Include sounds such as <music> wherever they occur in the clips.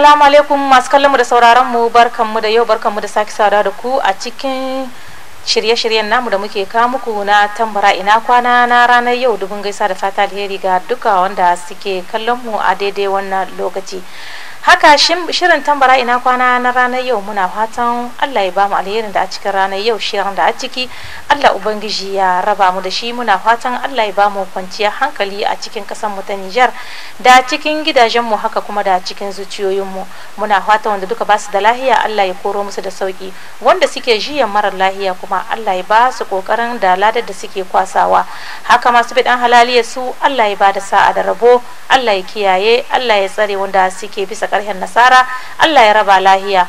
Assalamu alaikum masu kallon mu da sauraron mu mu da yau barkan mu da sake sada da ku a cikin shirye-shiryen namu da muke kawo muku na tambara ina kwana na ranar yau dubin gaisa da fata alheri ga duka wanda suke kallon mu a daidai wannan lokaci. haka shirin tambara ina kwana na ranar yau muna fatan allah ya bamu alherin da a cikin ranar yau shirin da a ciki allah ubangiji ya raba mu da shi muna fatan allah ya bamu kwanciyar hankali a cikin kasan mu ta nijar da cikin gidajen mu haka kuma da cikin zuciyoyin mu muna fatan wanda duka basu da lahiya allah ya koro musu da sauki wanda suke jiyan marar lahiya kuma allah ya ba su kokarin da ladar da suke kwasawa haka masu bidan halaliya su allah ya ba da sa'a da rabo allah ya kiyaye allah ya tsare wanda suke bisa ƙarshen nasara Allah ya raba lahiya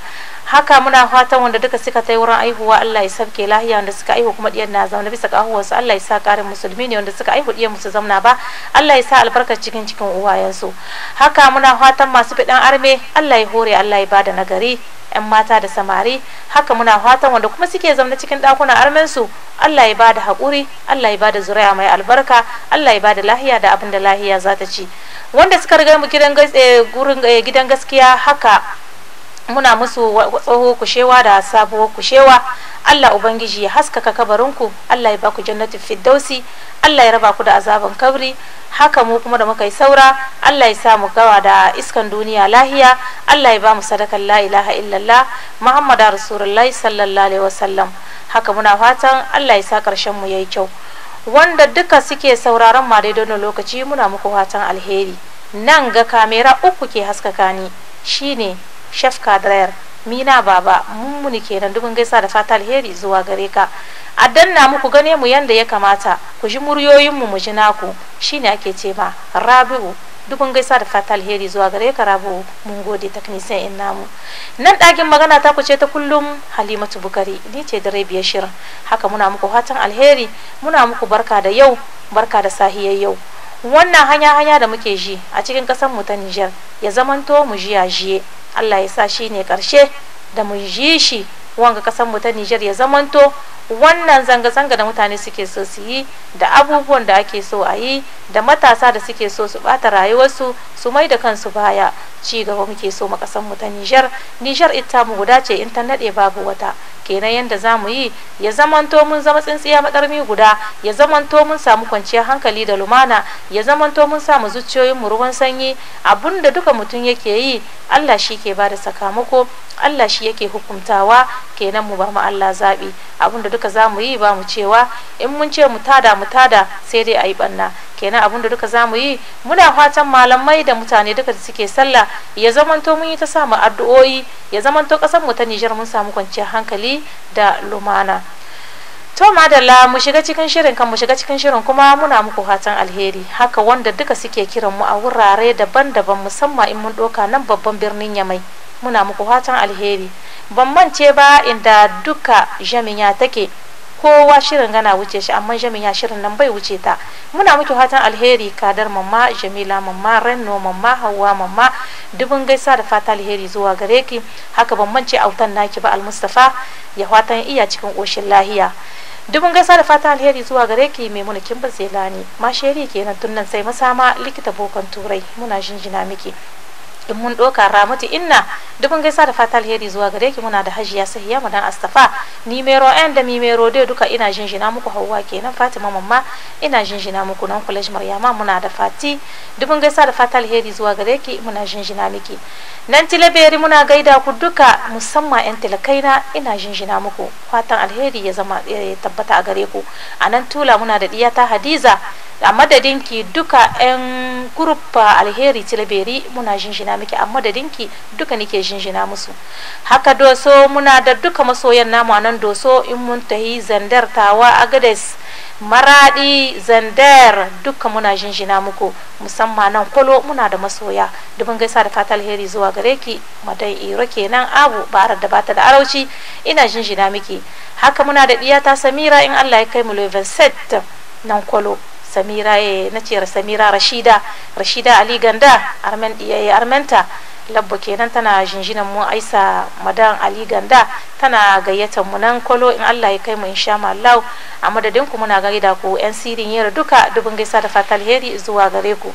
haka muna fatan wanda duka suka tai wurin aihuwa Allah ya sabke lahiya wanda suka aihu kuma diyan na zauna bisa kahuwar su Allah ya sa karin musulmi ne wanda suka aihu diyan musu zauna ba Allah ya sa albarkar cikin cikin uwayen su haka muna fatan masu fidan arme Allah ya hore Allah ya bada nagari yan mata da samari haka muna fatan wanda kuma suke zaune cikin dakunan armen su Allah ya bada hakuri Allah ya bada zuriya mai albarka Allah ya bada lahiya da abin da lahiya za ta ci wanda suka riga mu gidan eh, eh, gaskiya haka muna musu tsoho kushewa da sabuwar kushewa Allah ubangiji ya haskaka kabarinku Allah ya ba ku jannatu fiddausi Allah ya raba ku da azaban kabri haka mu kuma da muka yi saura Allah ya sa mu gawa da iskan duniya lahiya Allah ya ba mu sadakan la ilaha illallah Muhammadu Rasulullah sallallahu alaihi wasallam haka muna fatan Allah ya sa karshen mu yayi kyau wanda duka suke sauraron ma daidai don lokaci muna muku fatan alheri nan ga kamera uku ke haskaka ni shine chef kadrayar mina baba mummuni kenan dubin gaisa da fata alheri zuwa gare ka a danna muku gane mu yanda ya kamata ku ji muryoyin mu ji naku shine ake ce ma rabi'u dubin gaisa da fata alheri zuwa gare ka rabi'u mun gode taknisiyan in namu nan dakin magana ta ku ce ta kullum halimatu bukari ni ce ya shirin haka muna muku fatan alheri muna muku barka da yau barka da sahiyar yau wannan hanya-hanya da muke ji a cikin ƙasar mu ta Nijar ya zamanto mu jiya jiye Allah ya sa shi ne ƙarshe da mu ji shi wanga kasan mu ta Nijar ya zamanto wannan zanga-zanga da mutane suke so su yi da abubuwan da ake so a yi da matasa da suke so su bata rayuwarsu su mai da kansu baya ci gaba muke so mu kasan mu ta Nijar Nijar ita mu guda ce in ta nade babu wata kenan yanda za mu yi ya zamanto mun zama tsintsiya madarmi guda ya zamanto mun samu kwanciyar hankali da lumana ya zamanto mun samu zuciyoyin mu ruwan sanyi abunda duka mutum yake yi Allah shi ke bada sakamako Allah shi yake hukuntawa kenan mu bar mu Allah zaɓi abinda duka za mu yi ba mu cewa in mun ce mu tada mu tada sai dai a yi ɓanna kenan abinda duka za mu yi muna fatan malamai da mutane duka da suke sallah ya zamanto mun yi ta samu addu'o'i ya zamanto ƙasar mu ta Nijar mun samu kwanciyar hankali da lumana to madalla mu shiga cikin shirin kan mu shiga cikin shirin kuma muna muku fatan alheri haka wanda duka suke kiran mu a wurare daban-daban musamman in mun doka nan babban birnin Yamai muna muku fatan alheri ban mance ba inda duka jami'a take kowa shirin gana wuce shi amma jami'a shirin nan bai wuce ta muna muku fatan alheri kadar mamma jamila mamma renno mamma hawa mamma dubin gaisa da fata alheri zuwa gare ki haka ban mance autan naki ba almustafa ya fatan iya cikin koshin lahiya dubin gaisa da fata alheri zuwa gare ki mai muna kimbin zelani ne ma sheri kenan tun nan sai masama likita bokon turai muna jinjina miki in mun ɗoka ramatu inna dubin gaisa da fata alheri zuwa gare ki muna da hajiya sahiya mu dan astafa ni mero ɗan da mi mero duka ina jinjina muku hauwa kenan fatima mamma ina jinjina muku nan kulaj maryama muna da fati dubin gaisa da fata alheri zuwa gare ki muna jinjina miki nan tilaberi muna gaida ku duka musamman yan tilakaina ina jinjina muku fatan alheri ya zama ya tabbata a gare ku a nan tula muna da diyata hadiza a madadin ki duka yan gurupa alheri tilaberi muna jinjina jinjina miki amma da dinki duka nike jinjina musu haka doso muna da duka masoyan namu nan doso in mun tahi zandar tawa agades maradi zandar duka muna jinjina muku musamman nan kwalo muna da masoya dubin gaisa da fata alheri zuwa gare ki madai iro kenan abu barar da bata da arauci ina jinjina miki haka muna da ta samira in allah ya kai mu level set nan kwalo samira eh na ce samira rashida rashida ali ganda armen iyaye eh, eh, armenta labba kenan tana jinjinan mu aisa madan ali ganda tana gayyatar mu nan kolo in allah ya kai mu insha Allah a madadin ku muna gaida ku yan sirin yara duka dubin gaisa da fatalheri zuwa gare ku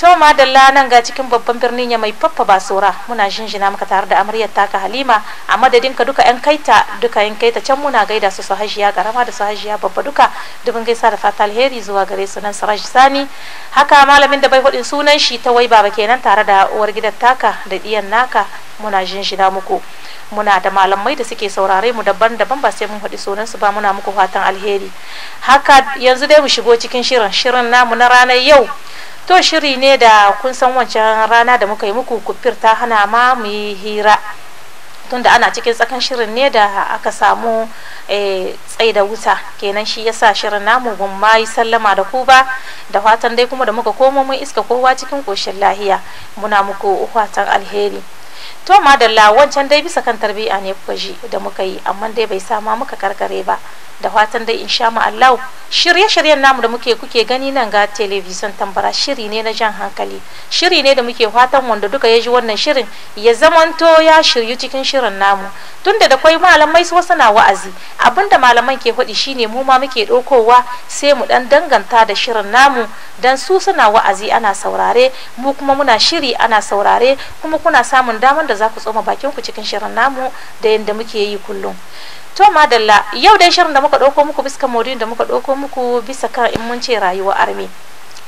to da nan ga cikin babban birnin ya mai faffa basura muna jinjina muka tare da amaryar taka halima a madadin ka duka yan kaita duka yan kaita can muna gaida su su hajiya karama da su hajiya babba duka dubin gaisa da fata alheri zuwa gare su nan saraj sani haka malamin da bai hudin sunan shi ta wai baba kenan tare da uwar gidan taka da diyan naka muna jinjina muku muna da malamai da suke saurare mu daban-daban ba sai mun faɗi sunansu ba muna muku fatan alheri haka yanzu dai mu shigo cikin shirin shirin namu na ranar yau to shiri ne da kun san wancan rana da muka yi muku kufir ta hana ma mu yi hira tunda ana cikin tsakan shirin ne da aka samu eh, tsai da wuta kenan shi yasa shirin namu ban ma yi sallama da ku ba da fatan dai kuma da muka komo mun iska kowa cikin koshin lahiya muna muku uhatan alheri to madalla wancan dai bisa kan tarbiyya ne kuka ji da muka yi amma dai bai sama muka karkare ba da fatan dai insha mu Allah shirye-shiryen namu da muke kuke gani nan ga television tambara shiri ne na jan hankali shiri ne da muke fatan wanda duka ya ji wannan shirin ya zamanto ya shiryu cikin shirin namu tunda da kwai malamai su wasu na wa'azi abinda malaman ke faɗi shine mu ma muke ɗaukowa sai mu dan danganta da shirin namu dan su suna wa'azi ana saurare mu kuma muna shiri ana saurare kuma kuna samun dama damar da za ku tsoma bakin ku cikin shirin namu da yadda muke yi kullum to madalla yau dai shirin da muka ɗauko muku bisa modin da muka ɗauko muku bisa kan in mun ce rayuwar arme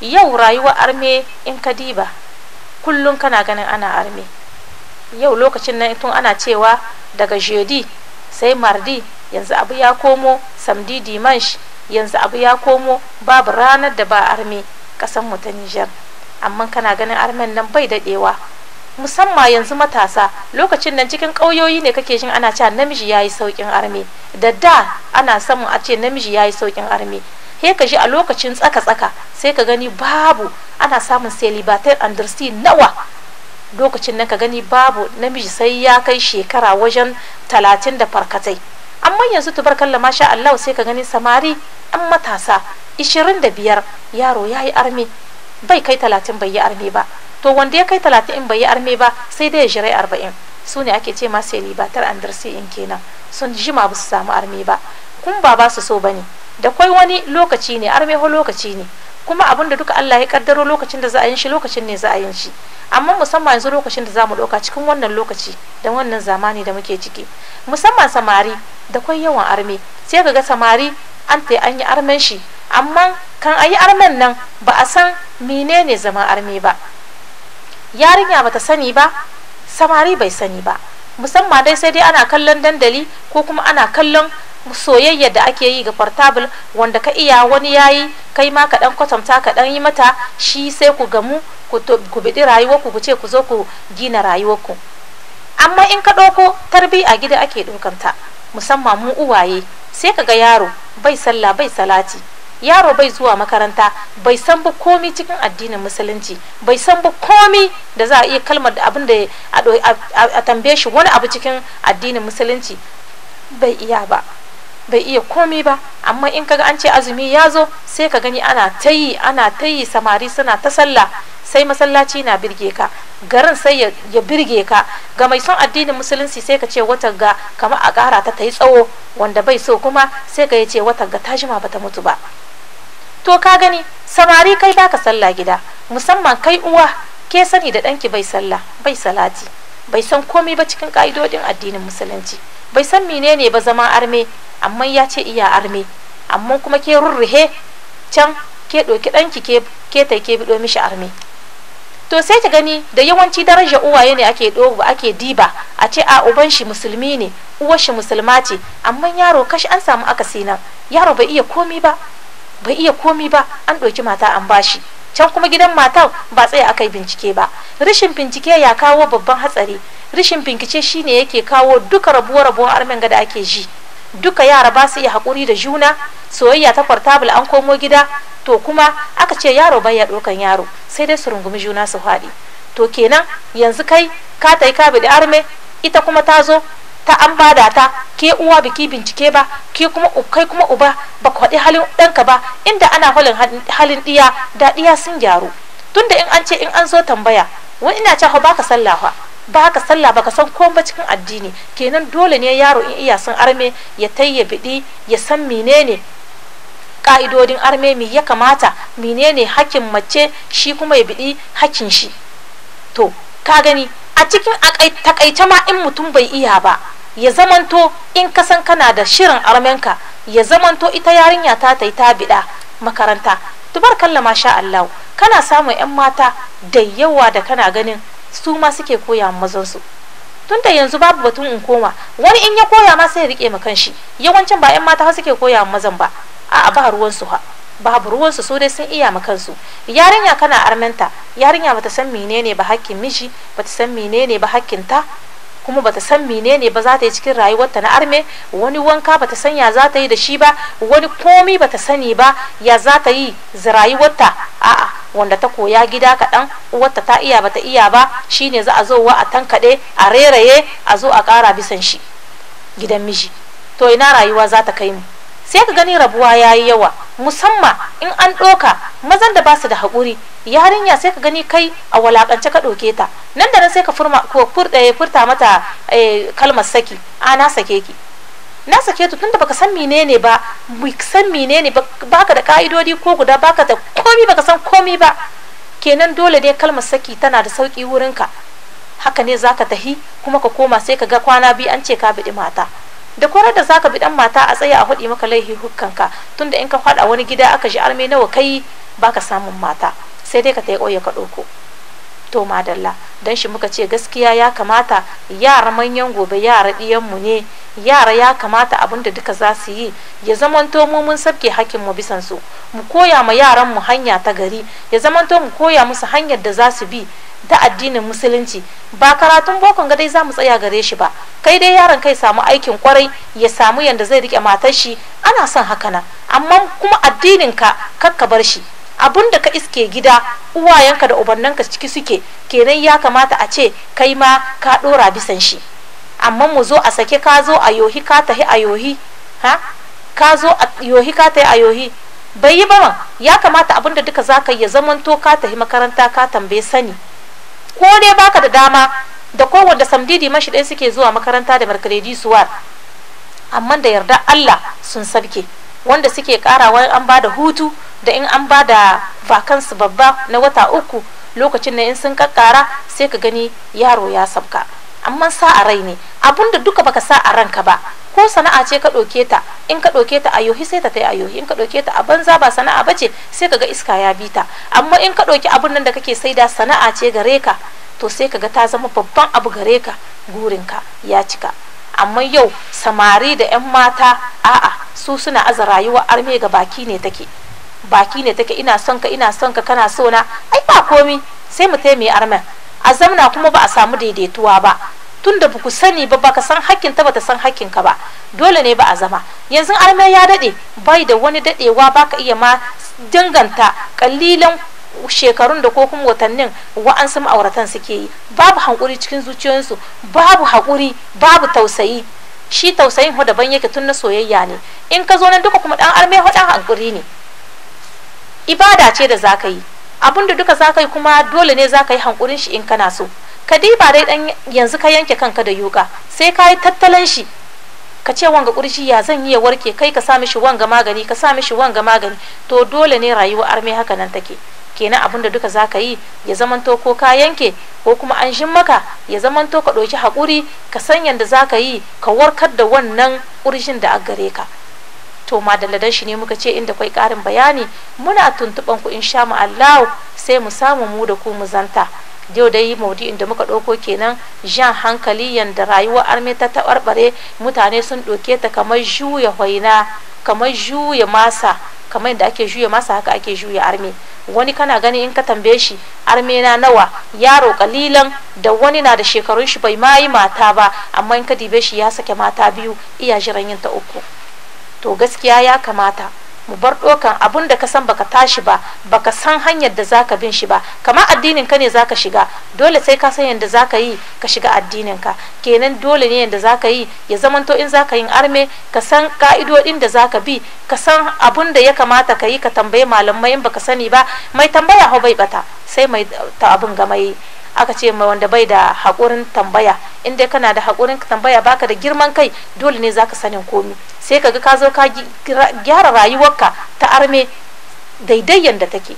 yau rayuwar arme in ka diba kullum kana ganin ana arme yau lokacin nan tun ana cewa daga jeudi sai mardi yanzu abu ya komo samdi dimash yanzu abu ya komo babu ranar da ba arme kasan mu ta nijar amma kana ganin armen nan bai daɗewa musamman yanzu matasa lokacin nan cikin ƙauyoyi ne kake jin ana cewa namiji yayi saukin arme da da ana samun a ce namiji yayi saukin arme he ka ji a lokacin tsaka-tsaka sai ka gani babu ana samun celibatar andersti nawa lokacin nan ka gani babu namiji sai ya kai shekara wajen talatin da farkatai amma yanzu tubarkalla masha Allah sai ka gani samari an matasa ishirin da biyar yaro yayi arme bai kai talatin bai yi arme ba to wanda ya kai talatin in bai yi arme ba sai dai ya jirai arba'in su ne ake ce masu libatar andarsi in kenan sun jima ba su samu arme ba kun ba ba su so ba ne da kwai wani lokaci ne arme ho lokaci ne kuma abin da duka Allah ya kaddaro lokacin da za a yin shi lokacin ne za a yin shi amma musamman yanzu lokacin da za mu ɗauka cikin wannan lokaci da wannan zamani da muke ciki musamman samari da kwai yawan arme sai ka ga samari an ta an yi armen shi amma kan ayi armen nan ba a san menene zama arme ba yarinya bata sani ba samari bai sani ba musamman dai sai dai ana kallon dandali ko kuma ana kallon soyayya da ake yi ga portable wanda ka iya wani yayi kai ma ka dan kwatanta ka dan yi mata shi sai ku gamu ku bidi rayuwarku ku ce ku zo ku gina rayuwarku amma in ka ɗauko tarbi a gida ake ɗaukanta musamman mu uwaye sai ka ga yaro bai sallah bai salati yaro bai zuwa makaranta bai san ba komi cikin addinin musulunci bai san ba komi da za a iya kalmar da abin da a tambaye shi wani abu cikin addinin musulunci bai iya ba bai iya komi ba amma in kaga an ce azumi ya zo sai ka gani ana ta yi ana ta yi samari suna ta sallah sai masallaci na birge ka garin sai ya birge ka ga mai son addinin musulunci sai ka ce wata ga kama a kara ta ta yi tsawo wanda bai so kuma sai ka ce wata ga tajima bata mutu ba to ka gani samari kai baka sallah gida musamman kai uwa ke sani da danki bai sallah bai salati bai san komai ba cikin ka'idodin addinin musulunci bai san menene ba zama arme amma ya ce iya arme amma kuma ke rurruhe can ke ɗauki ɗanki ke ke biɗo mishi arme to sai ki gani da yawanci daraja uwaye ne ake ɗogo ake diba a ce a uban shi musulmi ne uwar shi musulma ce amma yaro kashi an samu akasi nan yaro bai iya komi ba bai iya komi ba an ɗauki mata an bashi can kuma gidan matan ba tsaye aka yi bincike ba rashin bincike ya kawo babban hatsari rashin bincike shine yake kawo duka rabuwar rabuwar armen da ake ji duka yara ba su iya haƙuri da juna soyayya ta kwartabul an komo gida to kuma aka ce yaro baya ɗaukan yaro sai dai su rungumi juna su haɗe to kenan yanzu kai ka tai ka bi arme ita kuma ta zo ta an bada ta ke uwa biki bincike ba ke kuma kai kuma uba ba kwaɗi halin ɗanka ba inda ana halin halin ɗiya da ɗiya sun gyaru tunda in an ce in an zo tambaya wani ina cewa baka sallah fa ka sallah baka san ko ba cikin addini kenan dole ne yaro in iya san arme ya tayya biɗi ya san menene ka'idodin arme mi ya kamata menene hakkin mace shi kuma ya biɗi hakkin shi to ka gani a cikin takaice ma in mutum bai iya ba ya zamanto in ka san kana da shirin armenka ya zamanto ita yarinya ta ta yi ta biɗa makaranta tubarkalla masha Allah kana samun 'yan mata da yawa da kana ganin su ma suke koya mazansu tunda yanzu babu batun in koma wani in ya koya ma sai ya rike ma kanshi yawancin ba 'yan mata suke koya mazan ba a ba ruwan su ha babu ruwansu su dai sun iya ma kansu yarinya kana armenta yarinya bata san menene ba hakkin miji bata san menene ba hakkin ta kuma bata san menene ba za ta yi cikin rayuwarta na arme wani wanka bata san ya za ta yi da shi ba wani komi bata sani ba ya za ta yi za rayuwarta a'a wanda ta koya gida kaɗan uwarta ta iya bata iya ba shine za a zo wa a tankaɗe a reraye a zo a ƙara bisan shi gidan miji to ina rayuwa za ta kai mu sai ka gani rabuwa ya yi yawa musamman in an ɗoka mazan da basu da haƙuri yarinya sai ka gani kai a walakance ka ɗauke ta nan da nan sai ka eh, furta mata eh, kalmar saki a na sake ki na sake ta tunda baka san menene ba san menene baka da ka'idodi ko guda baka da komi baka san komi ba kenan dole dai kalmar saki tana da sauki wurinka haka ne zaka tahi kuma ka koma sai ka ga kwana biyu an ce ka biɗi mata da kwarar da zaka bi dan mata a tsaye a hudi maka laifi hukkanka tunda in ka fada wani gida aka ji arme nawa kai baka samun mata sai dai ka tai ƙauye ka doko to madalla don shi muka ce gaskiya ya kamata yara manyan gobe yara mu ne yara ya kamata abun da duka za su yi ya zamanto mu mun sabke mu bisan su mu koya ma yaran mu hanya ta gari ya zamanto mu koya musu hanyar da za su bi ta addinin musulunci ba karatun bokon ga dai za mu tsaya gare shi ba kai dai yaron kai samu aikin kwarai ya samu yanda zai rike matar shi ana son haka nan amma kuma addinin ka kakka bar shi abun da ka iske gida uwayenka da ubannanka ciki suke kenan ya kamata a ce kai ma ka dora bisan shi amma mu zo a sake ka zo a yohi ka tahi a yohi ha ka zo a yohi ka tahi a yohi bai yi ba ya kamata abun da duka zaka ya zamanto ka tahi makaranta ka tambaye sani ko dai baka da dama da da samdidi mashi ɗaya suke zuwa makaranta da markaredi suwar amma da yarda Allah sun sabke wanda suke karawa an ba da hutu da in an ba da vakansu babba na wata uku lokacin na in sun kakkara sai ka gani yaro ya sabka amma sa a rai ne abinda duka baka sa a ranka ba ko sana'a ce ka ɗauke ta in ka ɗauke ta a sai ta tai a in ka ɗauke ta a banza ba sana'a ba ce sai ka ga iska ya bi ta amma in ka ɗauki abun nan da kake saida sana'a ce gare ka to sai ka ga ta zama babban abu gare ka gurinka ya cika amma yau samari da 'yan mata a'a su suna aza rayuwa arme ga baki ne take baki ne take ina son ka ina son ka kana so na ai ba komi sai mu taimai armen a zamna kuma ba a samu daidaituwa ba tun da ku sani ba baka san hakkin ta ba ta san hakkin ka ba dole ne ba a zama yanzu arme ya dade bai da wani dadewa baka iya ma danganta kallilan shekarun da ko kuma watannin wa'ansu ma'auratan suke yi babu hankuri cikin zuciyoyinsu babu hakuri babu tausayi shi tausayin ho daban yake tun na soyayya ne in ka zo nan duka kuma dan arme ɗan dan hankuri ne ibada ce da zaka yi abinda duka zaka yi kuma dole ne zaka yi hankurin shi in kana so kadiba dai dan yanzu ka yanke kanka da yuka sai ka yi tattalan shi ka ce wanga kurji ya zan yi ya warke kai ka sa mishi wanga magani ka sa mishi wanga magani to dole ne rayuwar arme haka nan take kenan abin da duka za ka yi ya zamanto ko ka yanke ko kuma an shin maka ya zamanto ka ɗauki haƙuri ka san yadda za ka yi ka warkar da wannan ƙurjin da aka gare ka to madaladan shi ne muka ce inda kwai ƙarin bayani muna tuntuɓan ku in sha mu Allah sai mu samu mu da ku mu zanta yau dai maudu'in inda muka ɗauko kenan jan hankali yadda rayuwar arme ta taɓarɓare mutane sun ɗauke ta kamar juya hoina kamar juya masa kamar yadda ake juya masa haka ake juya arme wani kana gani in ka tambaye shi arme na nawa yaro kalilan da wani na da shekarun shi bai ma yi mata ba amma in ka dibe shi ya sake mata biyu iya jiran yin ta uku to gaskiya ya kamata mu bar dokan abun da ka san baka tashi ba baka san hanyar da zaka bin shi ba kamar addinin ka ne zaka shiga dole sai ka san yadda zaka yi ka shiga addinin ka kenan dole ne yadda zaka yi ya zamanto in zaka yin arme ka san ka'idodin da zaka bi ka san abun da ya kamata ka yi ka tambayi malamai in baka sani ba mai tambaya ho bai bata sai mai ta abun ga mai aka ce ma wanda bai da haƙurin tambaya in dai kana da haƙurin tambaya baka da girman kai dole ne zaka sanin komi sai kaga ka zo ka gyara rayuwarka ta arme daidai yanda take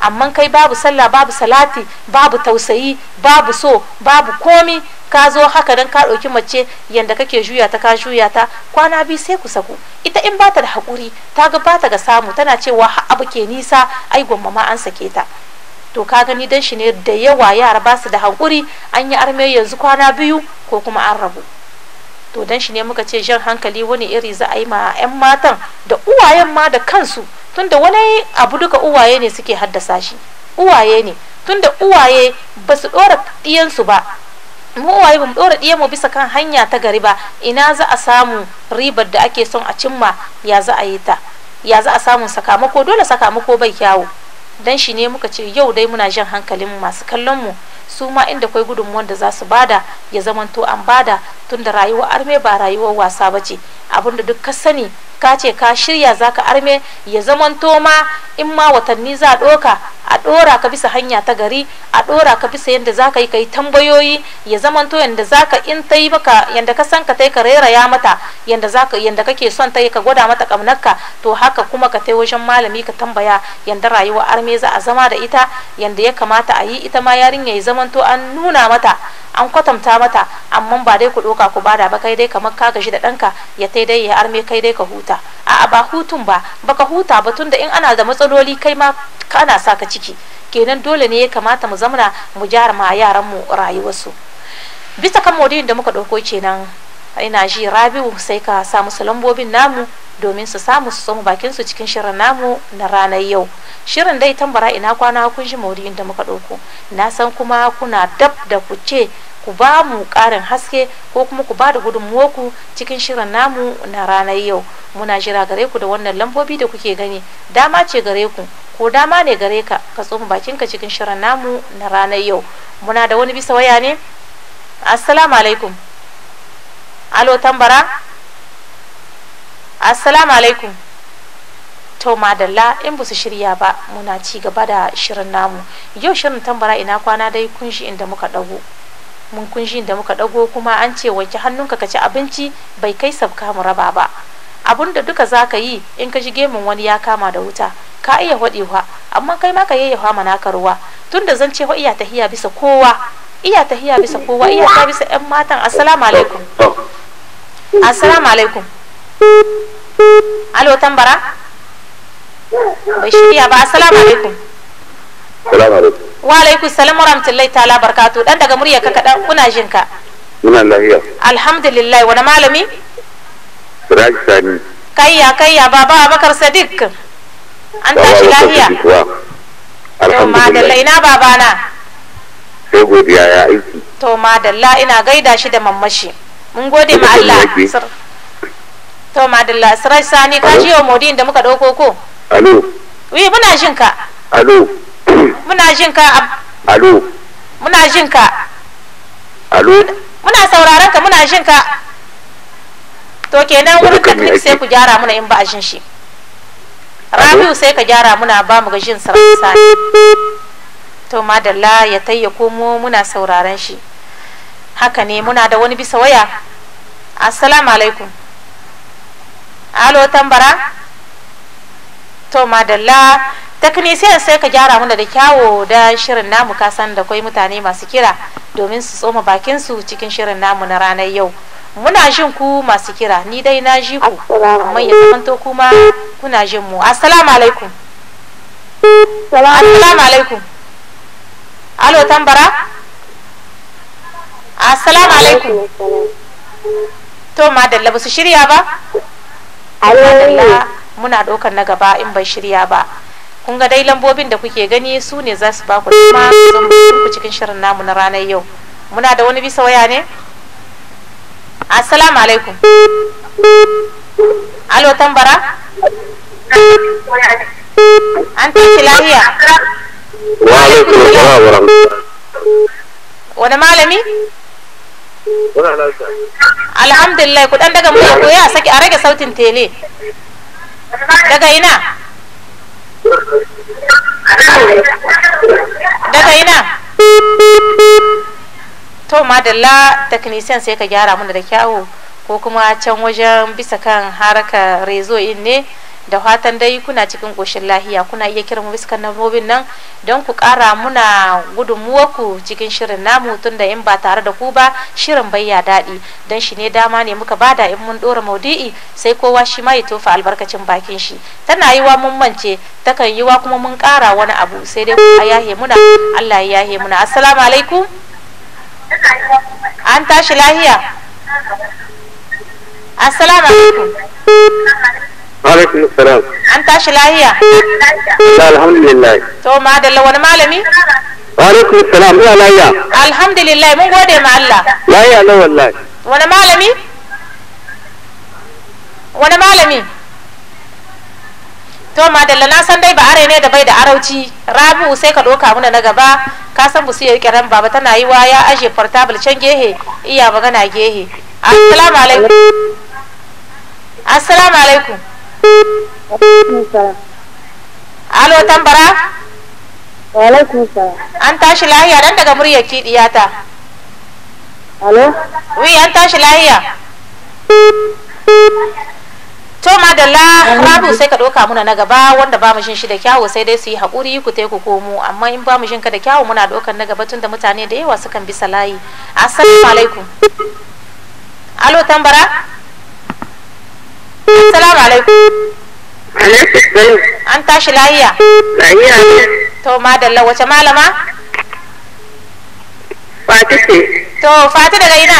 amma kai babu sallah babu salati babu tausayi babu so babu komi ka zo haka dan ka ɗauki mace yanda kake juya ta ka juya ta kwana biyu sai ku saku ita in bata da haƙuri ta ga bata ga samu tana cewa abu ke nisa ai gwamma ma an sake ta to ka gani dan shi ne da yawa yara ba su da hankuri an yi arme yanzu kwana biyu ko kuma an rabu to dan shi ne muka ce jan hankali wani iri za a yi ma 'yan matan da uwayen ma da kansu tunda wani abu duka uwaye ne suke haddasa shi uwaye ne tunda uwaye ba su ɗora diyansu ba mu uwaye ba mu ɗora ɗiyanmu bisa kan hanya ta gari ba ina za a samu ribar da ake son a cimma ya za a yi ta ya za a samu sakamako dole sakamako bai kyawu dan shi ne muka ce yau dai muna jan hankalin masu kallon mu su ma inda kwai gudun wanda za su bada ya zamanto an bada tunda rayuwar arme ba rayuwar wasa ba ce abinda duk ka sani ka ce ka shirya za ka arme ya zamanto ma in ma watanni za a ɗoka a ɗora ka bisa hanya ta gari a ɗora ka bisa yadda za ka yi ka yi tambayoyi ya zamanto yadda za ka in ta yi maka yadda ka san ka ta yi ka reraya mata yadda za ka yadda kake son ta yi ka gwada mata kamnarka to haka kuma ka tai wajen malami ka tambaya yadda rayuwar arme za a zama da ita yadda ya kamata a yi ita ma yarinya ya zama zamanto an nuna mata an kwatanta mata amma ba dai ku ɗoka ku bada ba kai dai kamar ka gashi da ɗanka ya tai dai ya arme kai dai ka huta a'a ba hutun ba baka huta ba tunda in ana da matsaloli kai ma kana sa ka ciki kenan dole ne ya kamata mu zamana mu gyara ma yaran mu rayuwarsu bisa kan da muka ɗauko kenan ina ji rabiu sai ka sa musu lambobin namu domin su samu su samu bakin su cikin shirin namu na ranar yau shirin dai tambara ina kwana kun ji mauri da muka ɗauko na san kuma kuna dab da ku ce ku ba mu ƙarin haske ko kuma ku ba da ku cikin shirin namu na ranar yau muna jira gare ku da wannan lambobi da kuke gani dama ce gare ku ko dama ne gare ka ka tsoma bakinka cikin shirin namu na ranar yau muna da wani bisa waya ne assalamu alaikum alo tambara assalamu alaikum to madalla in ba su shirya ba muna ci gaba da shirin namu yau shirin tambara ina kwana dai kunshi inda muka dago mun kunshi inda muka dago kuma an ce wanke hannunka ka ci abinci bai kai sabka mu raba ba abun da duka za ka yi in ka ji gemun wani ya kama da wuta ka iya haɗewa amma kai ma ka yayyafa mana ka ruwa tunda zan ce iya tahiya bisa kowa iya tahiya bisa kowa iya ta bisa yan matan assalamu alaikum assalamu alaikum alo tambara bai shirya ba assalamu alaikum wa alaikum salam wa rahmatullahi ta'ala barkatu dan daga murya ka kada kuna jin ka ina lafiya alhamdulillah wani malami siraj sani kayya kayya baba abakar sadiq an tashi lafiya to ina babana sai godiya ya aiki to madalla ina gaida shi da mammashi mun gode ma Allah to madalla sirai sani ka ji modin da muka dauko ko alo wi muna jin ka alo muna jin ka alo muna jin ka alo muna sauraron ka muna jin ka to kenan wurin technique sai ku gyara muna in ba a jin shi rabiu sai ka gyara muna ba mu ga jin sirai sani to madalla ya tayya komo muna sauraron shi haka ne muna da wani bisa waya assalamu alaikum alo tambara to madalla teknisiyan sai ka gyara muna da kyawo da shirin namu kasan da kwai mutane masu kira domin su tsoma bakin su cikin shirin namu na ranar yau muna jin ku masu kira ni dai na ji ku amma ya zamanto kuma kuna jin mu assalamu alaikum assalamu alaikum alo tambara assalamu alaikum to madalla ba su shirya ba madalla muna ɗaukar na gaba in bai shirya ba kun ga dai lambobin da kuke gani su ne za su ba ku dama zan ku cikin shirin namu na ranar yau muna da wani bisa waya ne assalamu alaikum alo tambara an tashi lahiya wa alaikum wa rahmatullahi wani malami alhamdulillah ku dan daga mu ko ya saki a rage sautin tele daga ina daga ina to madalla technician sai ka gyara mana da kyawu ko kuma can wajen bisa kan haraka rezo in ne da fatan dai kuna cikin ƙoshin lahiya kuna iya kiran wiskan nambobin nan don ku ƙara muna ku cikin shirin namu tun da in ba tare da ku ba shirin bayya daɗi don shi ne dama ne muka bada in mun ɗora maudi'i sai kowa shi ma ya tofa albarkacin bakin shi tana yiwa mun mance takan yiwa kuma mun ƙara wani abu sai dai a yahe muna Allah ya yahe muna assalamu alaikum an tashi lahiya assalamu alaikum alaikum salam an tashi lahiya to madalla wani malami salam ina mun gode ma Allah wani malami wani malami to madalla na san dai ba are ne da bai da arauci rabi'u sai ka doka mana na gaba ka san busu baba tana yi wa ya portable can gehe iya magana gehe assalamu alaikum assalamu alaikum Alo tambara? An tashi lahiya dan daga muryar kiɗiyata. Alo? Wi an tashi lahiya. To madalla rabu sai ka ɗauka muna na gaba wanda ba mu shin shi da kyawu sai dai su yi haƙuri ku te ku komo amma in ba mu shin ka da kyawu muna ɗaukar na gaba tun da mutane da yawa sukan bi salayi. Assalamu alaikum. Alo tambara? Salamu alaikum. An tashi lahiya? Lahiya ne. To madalla wace malama? Fati ce. To Fati daga ina?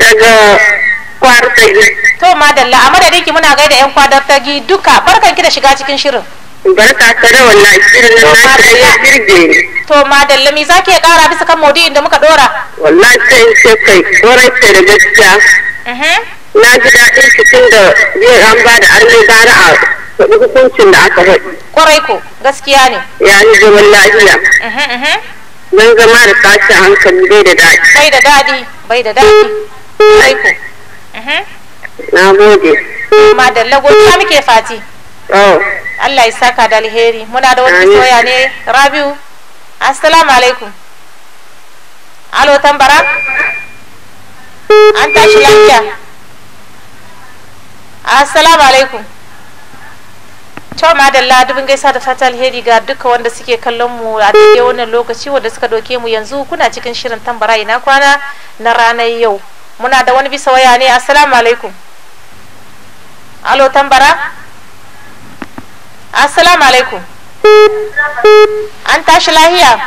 Daga kwartagi. To madalla a madadin ki muna gaida yan kwartagi duka barkan ki da shiga cikin shirin. Barka ta da wallahi shirin na ta ya birge ni. To madalla me zaki ya kara bisa kan maudu'in da muka dora? Wallahi sai sai kai, dora sai da gaskiya. Mhm. na ji daɗin cikin da zai an ba da arme gara a faɗi hukuncin da aka haɗu. Kwarai ko gaskiya ne. Ya ni zaman lafiya. Mhm, mhm. Don zama da tashin hankali bai da daɗi. Bai da daɗi bai da daɗi. Kwarai ko. Mhm. Na gode. lagos ta muke fati. Oh. Allah ya saka da alheri. Muna da wani soya ne Rabiu. Assalamu alaikum. Alo tambara? An tashi lafiya. assalamu alaikum to madalla dubin gaisa da fata alheri ga duka wanda suke kallon mu a daidai wannan lokaci wanda suka doke mu yanzu kuna cikin shirin tambara ina kwana na ranar yau muna da wani bisa waya ne assalamu alaikum alo tambara assalamu alaikum an tashi lahiya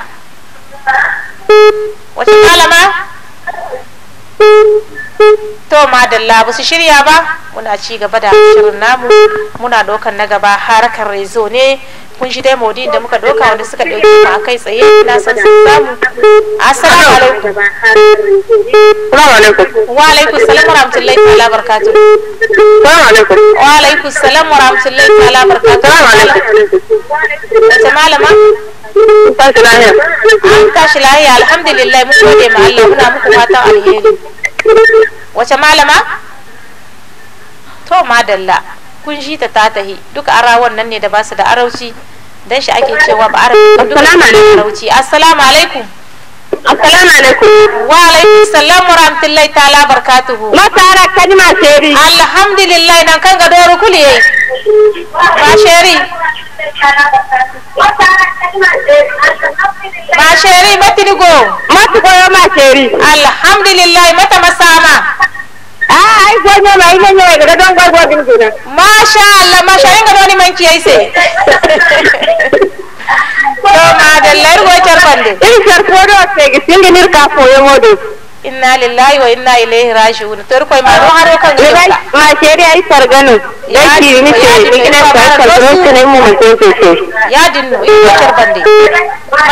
wace kalama to madalla ba su shirya ba muna ci gaba da shirin namu muna dokan na gaba harkar rezo ne kun shi dai modin da muka doka wanda suka ɗauki ma a kai tsaye na san su samu assalamu alaikum wa alaikum salam wa rahmatullahi ta'ala barakatuh wa alaikum salam wa rahmatullahi ta'ala barakatuh ta malama an tashi lahiya alhamdulillah mun gode ma Allah muna muku fatan alheri wace malama to madalla kun shi ta tahi duka arawan nan ne da basu da arauci dan shi ake cewa ba duka arauci assalamu alaikum assalamu alaikum wa alaikum salam wa rahmatullahi ta'ala barkatuhu. ma tara kalma sheri alhamdulillah nan kan ga doru kuliye ba sheri ما الله ما الله ما تنيغو يا ما شيري الحمد لله الله مساما اي غنيو ما غنيو غدا دون غو غو الله ما شاء الله ما شاء الله ما نمانكي ايسي الله <laughs> ما دلير غو تشربندي اي الله دو اكسي سينغي نير كافو يمودو inna lillahi wa inna ilaihi raji'un tor koy ma do hare ko ma sheri ay sarganu dai ni ce ni ina ta sarganu ce ne mu mutum ce ce ya dinno ina charbande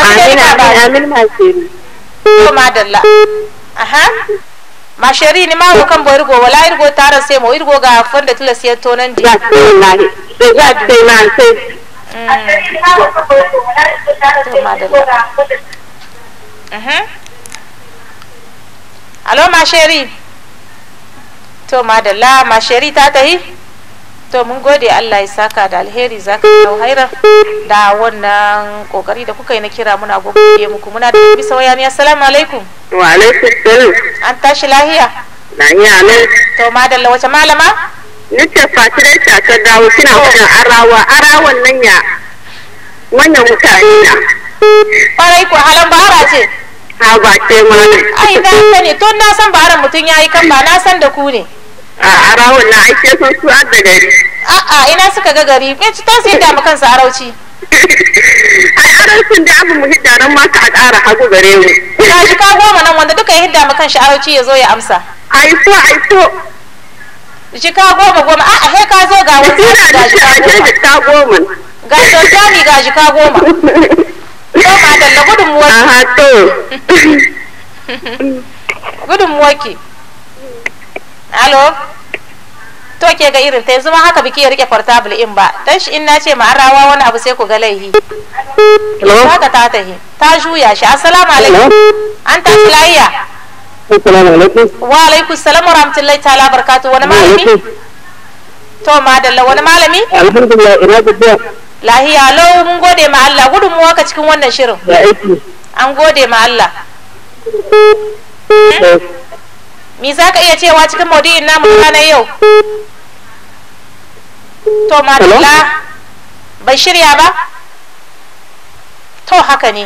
amin amin amin ma sheri ko ma dalla aha ma sheri ni ma ko kan bori go wala irgo tara sai mo irgo ga fonda tilas ya tonan di ya wallahi sai ya sai ma sai Mm. alo masheri to madalla masheri ta tahi to mun gode allah ya saka da alheri za ka kawo hairar da wannan kokari da kuka yi na kira muna gode muku muna da sawaya wayani assalamu alaikum wa alaikum salam an tashi lahiya lahiya ne to madalla wace malama nace fatirai ta dawo kina wannan arawa arawan nan ya wannan mutane na kwarai ko halan bahara ce a ba ce mana ai na sani tun na san ba mutum yayi kan ba na san da ku ne a arawun na ake sun su da gari a'a ina suka ga gari me ta sai <laughs> da kansa arauci ai araucin da abu mu hidda ma ka ƙara hagu gare mu ka shi ka goma nan wanda duka ya hidda mu kanshi arauci ya zo ya amsa ai so ai so jika goma goma a'a he ka zo ga wata da jika goma ga dojani ga jika goma <laughs> Yau ba da gudunmuwa. Aha to. <laughs> Gudunmuwa ki. Alo. To ke ga irin ta yanzu haka biki ya rike portable in ba. Dan shi in nace ma arawa wani abu sai ku ga laihi. Hello. Haka ta tahi. Ta juya shi. Assalamu alaikum. An tashi lahiya. Assalamu alaikum. Wa alaikum salam wa rahmatullahi ta'ala barakatuh. Wani malami? To madalla wani malami? Alhamdulillah ina gudu. lahiya lau mun gode ma Allah gudun mu ka cikin wannan shirin an gode ma Allah mi hmm? za ka iya cewa cikin maudu'in namu na yau to matala bai shirya ba to haka ne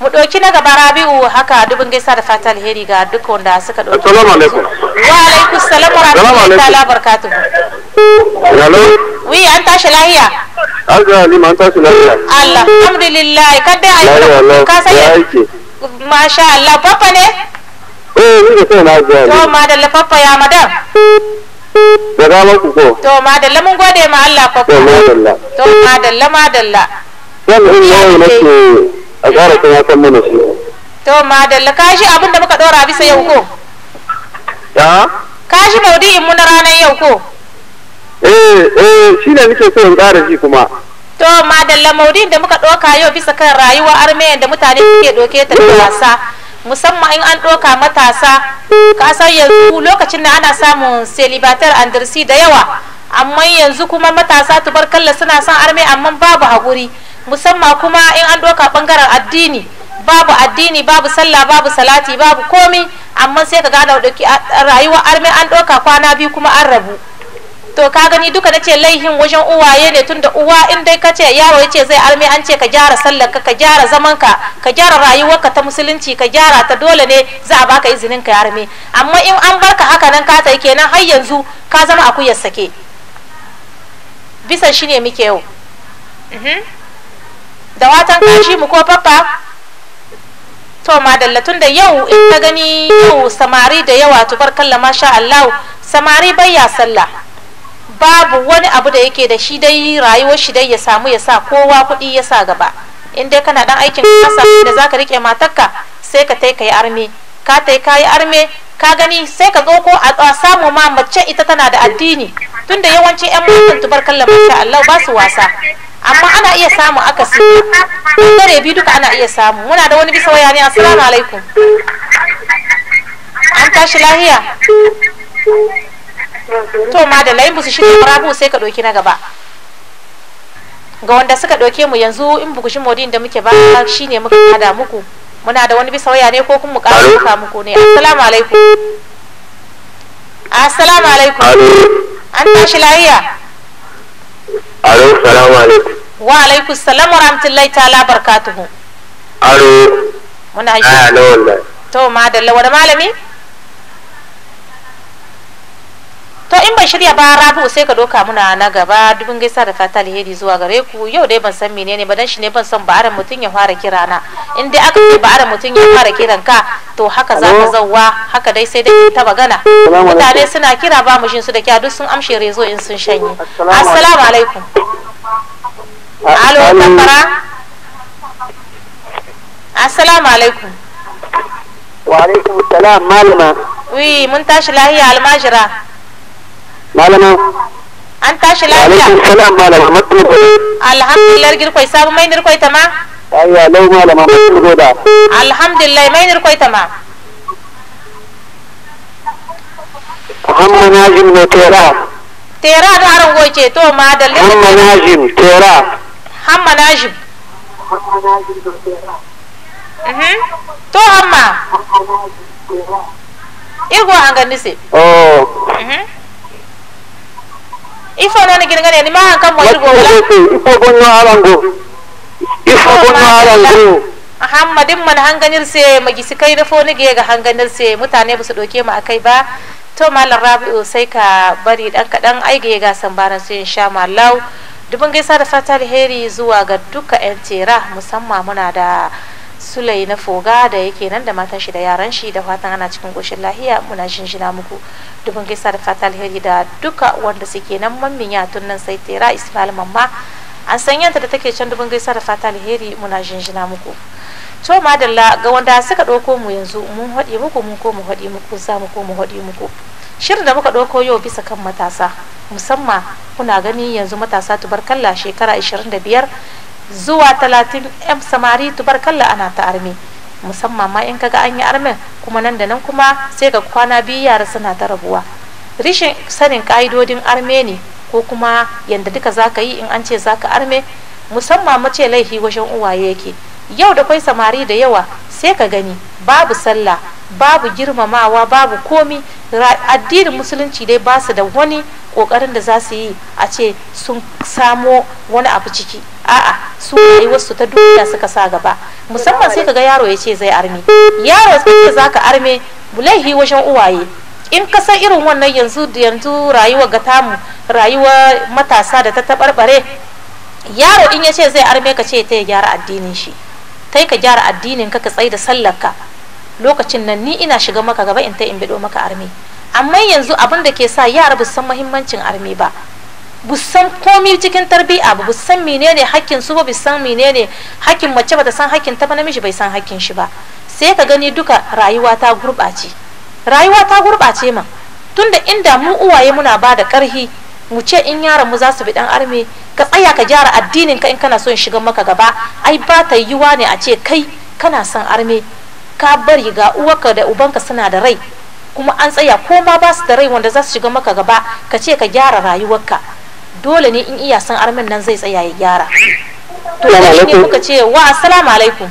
mu ɗauki na gaba rabi'u haka dubin gaisa da fata alheri ga duk wanda suka ɗauki assalamu alaikum wa alaikum salam wa rahmatullahi ta'ala barakatuh hello wi an tashi lahiya ni ma an tashi lahiya Allah alhamdulillah kan dai ayi ka sai masha Allah papa ne eh ni sai na azza to ma la papa ya madam da gama ku ko to ma la mun gode ma Allah papa to madalla to madalla madalla yau ne nake a tsara ta ya san mana shi to madalla ka shi abin da muka dora bisa yau ko ya ka shi maudu'in mu na ranar yau ko eh eh shi ne nake so in ƙara shi kuma to madalla maudu'in da muka doka yau bisa kan rayuwar armeyan da mutane suke doke ta da wasa musamman in an doka matasa ka san yanzu lokacin da ana samun celibatar andarsi da yawa amma yanzu kuma matasa kalla suna son arme amma babu haƙuri musamman kuma in an doka bangaren addini babu addini babu sallah babu salati babu komi amma sai ka gada dauki rayuwar arme an doka kwana biyu kuma an rabu to ka gani duka nace laihin wajen uwaye ne tunda uwa in dai kace yaro yace zai arme an ce ka gyara sallar ka ka gyara zaman ka ka gyara rayuwarka ta musulunci ka gyara ta dole ne za a baka izinin ka arme amma in an barka haka nan ka ta kenan har yanzu ka zama akuyar sake bisa shine muke yau mhm. da watan kashi mu ko fafa to madalla tun da yau in ta gani yau samari da yawa tubarkalla masha Allah samari ya sallah babu wani abu da yake da shi dai rayuwar shi dai ya samu ya sa kowa kuɗi ya sa gaba in dai kana dan aikin kasa da zaka rike matarka sai ka tai kai arme ka tai kai arme ka gani sai ka zo ko a samu ma mace ita tana da addini tunda yawancin yan matan tubar masha Allah ba su wasa amma ana iya samu aka su dare biyu duka ana iya samu muna da wani bisa waya ne assalamu alaikum an tashi lahiya to ma da layin busu shirya rabu sai ka doki na gaba ga wanda suka doke mu yanzu in buku shi modin da muke ba shi ne muka hada muku muna da wani bisa waya ne ko kuma mu muka muku ne assalamu alaikum assalamu alaikum an tashi lahiya alo salamu alaikum wa alaikum salam wa rahmatullahi ta'ala barakatuhu alo muna shi alo ah, wallahi to madalla wani malami to in ban shirya ba rabu sai ka doka muna na gaba dubin gaisa da fata alheri zuwa gare ku yau dai ban san menene ba dan shi ne ban san ba'aran mutum ya fara kira na in dai aka ce ba'aran mutum ya fara kiran ka to haka za ka zauwa haka dai sai dai ta magana mutane suna kira ba mu shin su da kya duk sun amshe rezo in sun shanye assalamu alaikum alo kamfara assalamu alaikum wa alaikum salam malama wi mun tashi lahiya almajira malama an tashi lafiya alaikum salam malama matu alhamdulillah girkoi sabu mai nirkoi tama ayya lau malama matu goda alhamdulillah mai nirkoi tama amma najim ne tera tera da aron goce to ma da lissa amma najim tera amma najim mhm. to amma Igwa an ganise oh mhm. ifo noon guilgane ni mahan kam wayrugo wala ifo gonyo arango ifo gonyo arango hammadin man hanganirse magi si kayna fo ga geega hanganirse mutane ba su ɗauke mu akai ba to malam rabi'u sai ka bari dan kaɗan ai ga sambaran su insha Allah dubun gaisa da fata alheri zuwa ga duka 'yan tera musamman muna da sulai na foga da yake nan da matan shi da yaran shi da fatan ana cikin goshin lahiya muna shinshina muku dubin gaisa da fata alheri da duka wanda suke nan mammin tun nan sai tera ismail mamma an san yanta da take can dubin gaisa da fata alheri muna shinshina muku to madalla ga wanda suka ɗauko mu yanzu mun haɗe muku mun ko mu haɗe muku za mu ko mu haɗe muku shirin da muka ɗauko yau bisa kan matasa musamman kuna gani yanzu matasa tubarkalla shekara 25 zuwa talatin yan samari tubarkalla ana ta arme musamman ma in kaga an yi armen kuma nan da nan kuma sai ga kwana biyu yara suna ta rabuwa rishin sanin ka'idodin arme ne ko kuma yadda duka zaka yi in an ce zaka arme musamman mace laifi wajen uwaye yake yau da kwai samari da yawa sai ka gani babu sallah babu girmamawa babu komi addinin musulunci dai ba su da wani kokarin da za su yi a ce sun samo wani abu ciki a'a su yi wasu ta duniya suka sa gaba musamman sai kaga yaro ya ce zai arme yaro sai za ka arme bulaihi wajen uwaye in ka san irin wannan yanzu yanzu rayuwa ga tamu rayuwa matasa da ta taɓarɓare yaro in ya ce zai arme ka ce ta gyara addinin shi ta ka gyara addinin ka ka tsaye da sallar lokacin nan ni ina shiga maka gaba in ta in bido maka armi amma yanzu abin da ke sa yara bu san muhimmancin armi ba bu san komi cikin tarbiyya ba bu san menene hakkin su ba bu san menene hakkin mace ba ta san hakkin ta ba namiji bai san hakkin shi ba sai ka gani duka rayuwa ta gurbace rayuwa ta gurbace ma tunda inda mu uwaye muna ba da ƙarhi mu ce in yaran mu za su bi dan armi ka tsaya ka gyara addinin ka in kana so in shiga maka gaba ai ba ta yiwa ne a ce kai kana son armi. ka bari ga uwarka da ubanka suna da rai kuma an tsaya ko ma ba su da rai wanda za su shiga maka gaba ka ce ka gyara rayuwarka dole ne in iya san armin nan zai tsaya ya gyara to shi ne kuka ce wa assalamu alaikum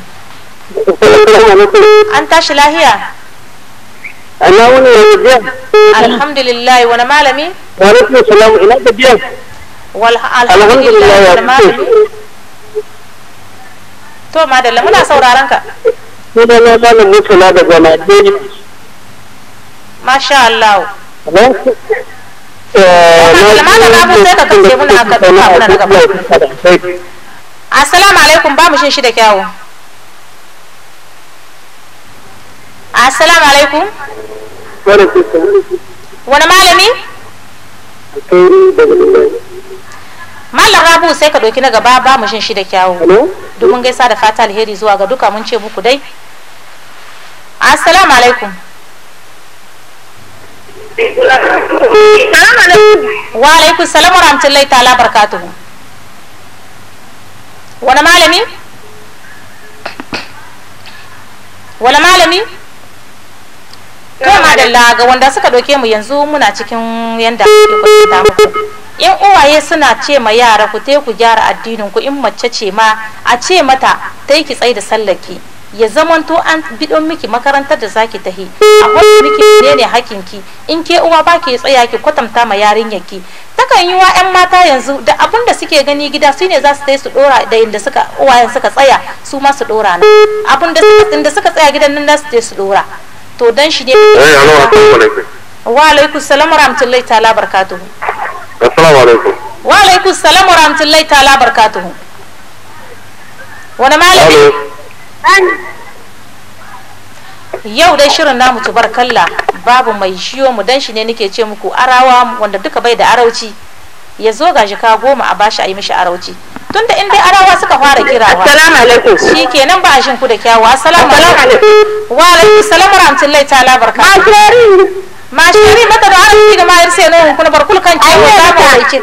an tashi lahiya Allah wani Alhamdulillah wani malami? Wa alaikum salam ina Alhamdulillah wani malami? To madalla muna sauraron ka. suna na malam mutula daga Najeriya. Masha Allah. Malam Abu sai ka kace muna ka duka muna daga Assalamu alaikum ba mu shin shi da kyawu. Assalamu alaikum. Wani malami? Malam Rabu sai ka doki na gaba ba mu shin shi da kyawu. Domin gaisa da fata alheri zuwa ga duka mun ce muku dai assalamu alaikum wa alaikum salam wa rahmatullahi ta'ala barakatuhu wani malami wani malami to madalla ga wanda suka doke mu yanzu muna cikin yanda ta muku in uwaye suna ce ma yara ku te ku gyara addinin ku in mace ce ma a ce mata ta yi ki tsaye da sallaki ya zamanto an bidon miki makarantar da zaki tahi a wani miki ne ne hakinki in ke uwa ba ki tsaya ki kwatanta ma yarinyar ki takan yi wa yan mata yanzu da abun da suke gani gida su ne za su tai su dora da inda suka uwayen suka tsaya su ma su dora na abun da inda suka tsaya gidan nan za su tai su dora to dan shi ne eh, wa alaikum salam wa rahmatullahi ta'ala barakatuhu assalamu alaikum wa alaikum salam wa rahmatullahi ta'ala barakatuhu wani malami yau dai shirin namu kalla babu mai shiyo mu dan shi ne nake ce muku arawa wanda duka bai da arauci ya zo gashi ka goma a bashi a yi mishi arauci tunda in dai arawa suka fara kirawa assalamu alaikum nan ba a shin ku da kyawu assalamu alaikum wa alaikum salam wa rahmatullahi ta'ala barka ma shiri mata da arziki da mayar sai no kuna barkul kan ce za mu aiki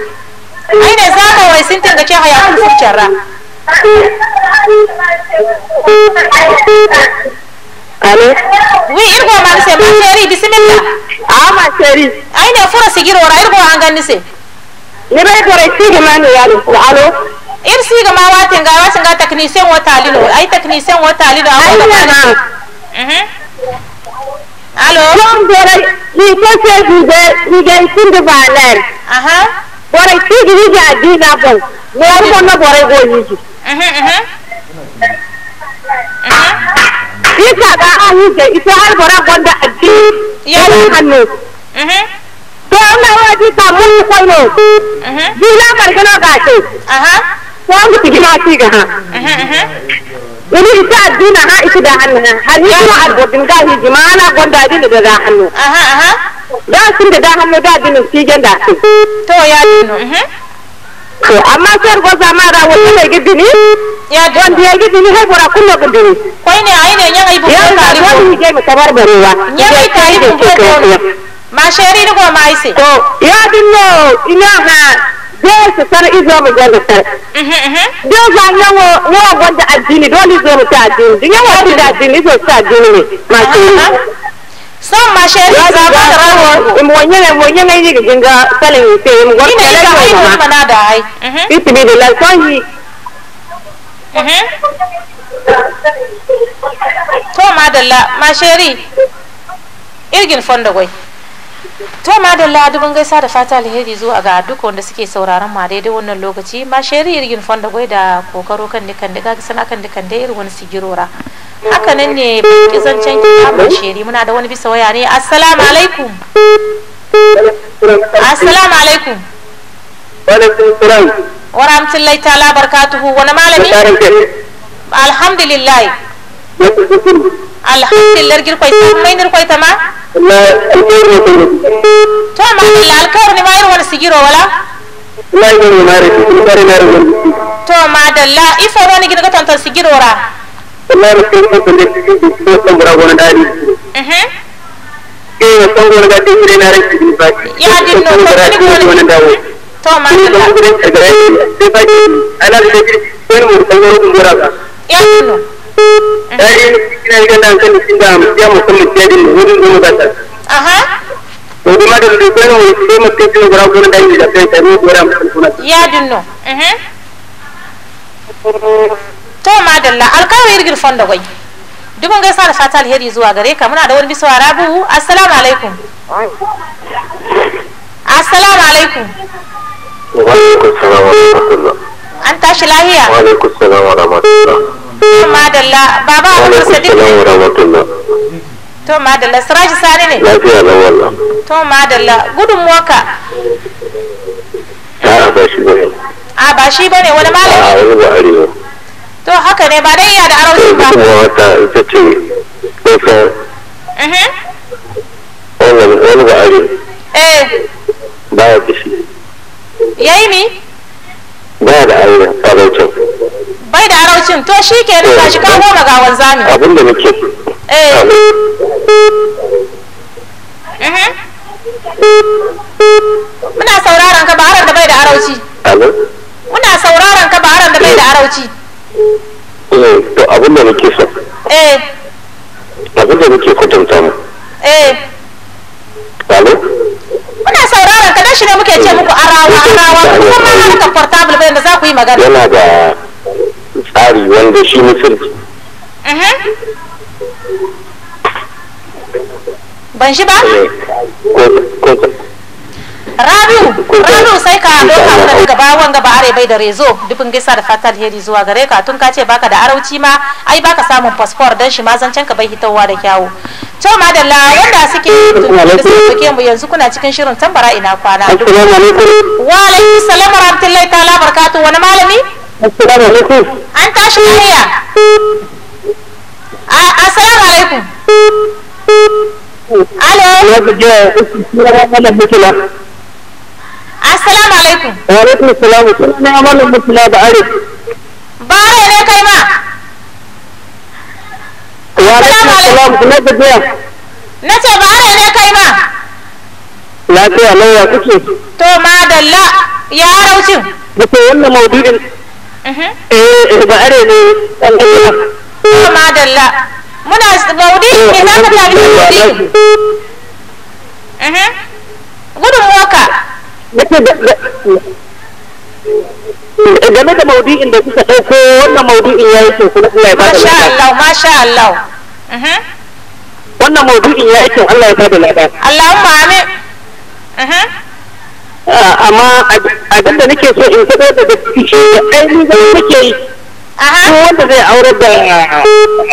ai ne za ka wai sintin da ke haya kun furcara Alo? Oui, irgo ma se ma chérie, bismillah. Ah ma chérie. Ay na fura sigiro ra irgo angani se. Ne ba ko re sigi ma ni yalo. Allô Ir sigi ma watin ga watin ga technicien wa talilo. Ai technicien wa talilo a wala ma. Mhm. Allô Non, dora ni ko se ni de ni de sindu baler. Aha. Bora sigi ni ga dina bon. Ne arbo na bora go yiji. Mhm mhm. Bisa ga an yi da ita har bara gwanda addini ya hannu. Eh? To na ta mun eh? ga ce. Ko mu ci ga Ini eh? ita ha ita da hannu ha. ga da da hannu. Da sun da da hannu da ci ganda. To ya dino. To amma sai gwaza wata mai gidi ne. wandi ayi dini hay bora kunno ko dini ko ine ayine nyanga ibu ko tali ko ni jemi tabar barewa nyanga tali de ko ma sheri ko ma ise to ya mhm, mhm. dinno uh-huh. ina Deus sar izo mu gonda sar. Deus ba nan wo wo gonda addini dole zo mu ta addini. Dinga o ti da addini zo ta addini ne. Ma sheri. So ma sheri za ba da rawo. Mu wanya ne mu wanya ne ga jinga salin sai mu gonda da ai. Ina ga to madalla ma sheri irgin fonda gwai to madalla dubin gaisa da fata alheri zuwa ga duk wanda suke sauraron ma daidai wannan lokaci ma sheri irgin fonda gwai da kokaro kan dukan da gaga sana kan dukan da irin wani sigirora haka nan ne ki zancen ki sheri muna da wani bisa waya ne assalamu alaikum assalamu alaikum wa rahmatullahi ta'ala barakatuhu wani malami alhamdulillah alhamdulillah girkwai ta mai nirkwai ta ma to ma Allah alkawar ne ma irin sigiro wala to ma dalla ifo wani gidan tantan sigiro ra ya dinno ko ni ko ni Toma, Yalno. Dari kina ga dan kan sinda am ya mu kun jadi wurin mu ba ta. Aha. Ko ma da duk wani wani sai mu kace mu gura gurin dan da sai sai mu gura mu kuna. Ya dinno. Mhm. To madalla alkawo irgir fondo goyi. Dubin gaisa da fata alheri zuwa gare ka muna da wani biswa rabu. Assalamu alaikum. Assalamu alaikum. an tashi lahiya wa wa to madalla baba abu sadiq wa to madalla siraji sani ne lafiya na wallah to madalla gudun moka a ba shi bane bane wani malami wani ba to haka ne ba dai iya da arauci ba kuma wata ita ce kusa mhm. wani ba arewa eh ba ya fishi yayi ne ba da araucin bai da araucin to shi ke rika shi kawo ga gawan zami abin da nake eh muna sauraron ka ba da bai da arauci muna sauraron ka ba da bai da arauci eh to abin da muke so eh abin da muke kwatanta mu eh alo shi ne muke ce muku arawa arawa kuma ma da za ku yi magana yana da tsari wanda shi musulci ban shi ba eh, Rabiu, Rabiu sai ka doka mana daga bawon gaba are bai da rezo dubin gaisa da fatar heri zuwa gare ka tun ka ce baka da arauci ma ai baka samun fasfor dan shi ma zancen ka bai hitowa da kyawu. To madalla wanda suke suke mu yanzu kuna cikin shirin tambara ina kwana. Wa alaikum salam wa rahmatullahi ta'ala barakatuh wani malami? Assalamu alaikum. An tashi lafiya. Assalamu alaikum. Alo. assalamu alaikum wa alaikum assalam sunana amalan mutula da arif bare ne kai ma wa alaikum assalam da gajiya na ce bare ne kai ma lafiya lauya kuke to madalla ya raucin ke wannan maudu'in mhm. eh, eh ba are ne dan kuma to madalla muna maudu'in ne eh, za ka tafi maudu'in mhm. gudun waka nake game da maudu'in da suka ɗauko wannan maudu'in ya yi kyau kuma Allah ya bada Masha Allah, masha Allah. Uh-huh. Wannan maudu'in ya yi kyau Allah ya bada ladan. Allahumma amin. Uh-huh. Ah, amma abin da nake so in faɗo da gaske shi ainihin zai kake yi. Uh-huh. Ko wanda zai aure da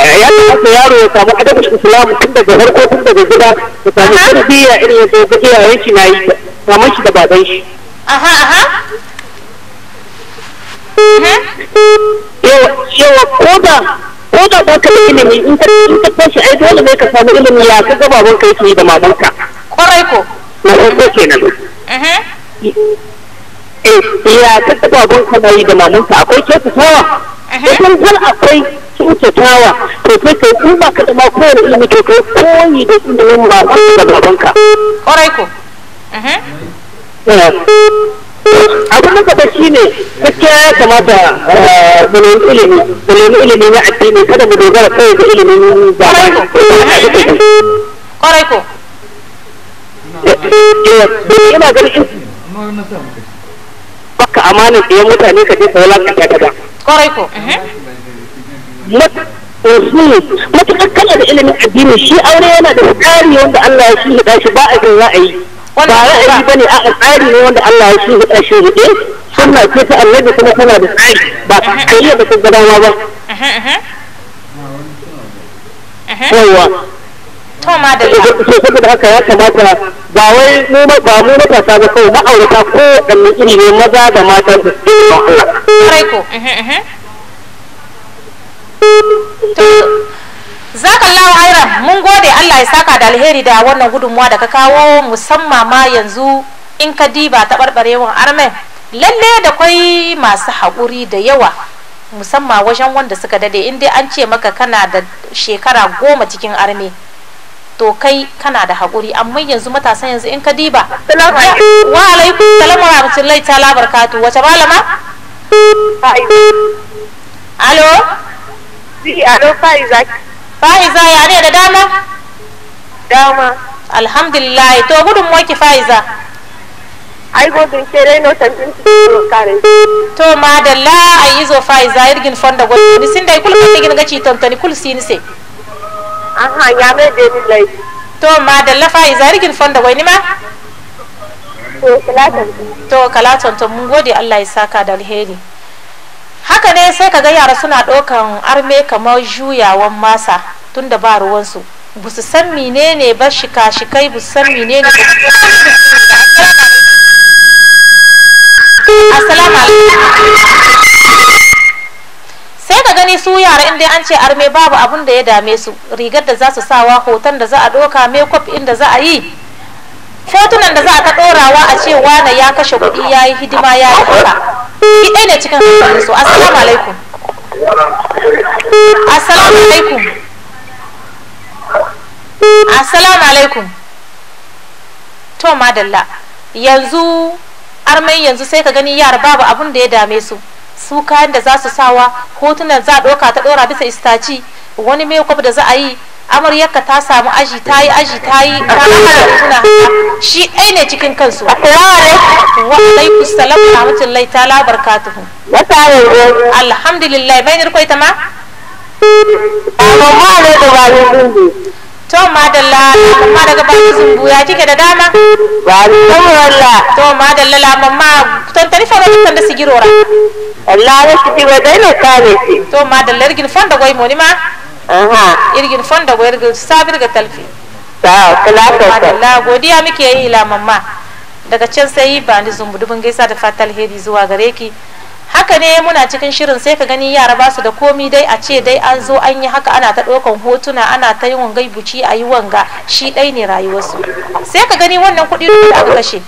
eh, ya kamata yaro ya samu adabin islam tun daga farko tun daga gida ya samu tarbiyya irin yadda ya ga iyayen shi na yi. maman shi da baban shi aha yawa ko da ko da ba ka da ilimi in ka in ka tashi ai dole ne ka samu ilimi ya ka gaba ban kai yi da mamanka kwarai ko na farko kenan eh ya ka gaba ban kai yi da mamanka akwai kyautatawa idan zan akwai tawa to sai kai in ba ka da ma kowane ilimi to kai koyi da ilimin mamanka da babanka kwarai ko abin da kafa shi ne suke ya kamata eh, mu nemi ilimi mu ilimi na addini kada mu dogara kawai da ilimin zamani ko eh, eh, ina ganin baka amanin ɗaya mutane ka je ka wulakanta ka da kwarai ko matuƙar kana da ilimin addini shi aure yana da tsari wanda Allah ya shi da shi ba a za a yi ba ra'ayi bane a tsari ne wanda Allah ya shi da shi ne sunna ce ta annabi kuma tana da tsari ba ta yi da dama ba yawa to ma da haka ya kamata ba wai mu ba mu matasa ba kawai ma'aurata ko wanne iri ne maza da mata da su to yi airan mun gode Allah ya saka da alheri da wannan gudunmuwa da ka kawo musamman ma yanzu in ka diba ta barbarewan armen lalle da kwai masu haƙuri da yawa musamman wajen wanda suka dade in dai an ce maka kana da shekara goma cikin arme to kai kana da haƙuri amma yanzu matasan yanzu in ka diba wa alaikum salam wa ta barkatu wace malama alo alo faiza fa'iza ya ne da dama dama alhamdulillah to gudun moki fa'iza ai godin kere no tantin kare to madalla ai izo fa'iza irgin fonda godin ni sin dai kul ka tigin gaci tantani kul sin se aha ya me de ni lai to madalla fa'iza irgin fonda goy ni ma to kala to kala to mun gode Allah ya saka da alheri haka ne sai ka ga yara suna ɗaukan arme kamar juyawan masa tun da ba ruwansu ba su san menene ba shika-shikai ba su san menene ba sai ka gani su yara inda an ce arme babu abun da ya dame su rigar da za su sawa hoton da za a ɗauka makeup inda za a yi hotunan da za ka ɗorawa a ce wane ya kashe kuɗi ya yi hidima ya yi kuka ki ɗaya ne cikin hankali su assalamu alaikum assalamu alaikum assalamu alaikum to madalla yanzu armai yanzu sai ka gani yara babu abin da ya dame su su kayan da za su sawa hotunan za a ɗauka ta ɗora bisa istaci wani kwaf da za a yi amaryarka ta samu aji ta yi aji ta yi ta hana shi ɗai ne cikin kansu wa alaikum salam wa rahmatullahi ta'ala barakatuhu alhamdulillah bayan rukwai ta ma to madalla mamma daga bakin zumbu ya kike da dama ba ni walla to madalla la mamma ton tani fa wani tan da sigirora Allah ya kiti wa dai na kare shi to madalla irgin fonda goy moni ma aha irgin fonda goy irgin sabir ga talfi ta kala ka madalla godiya muke yi la mamma daga can sai ba ni zumbu dubin gaisa da fatal heri zuwa gare ki haka ne muna cikin shirin sai ka gani yara ba su da komi dai a ce dai an zo an yi haka ana ta ɗaukan hotuna ana ta yin buci a yi wanga shi ɗai ne rayuwarsu sai ka gani wannan kuɗi da aka kashe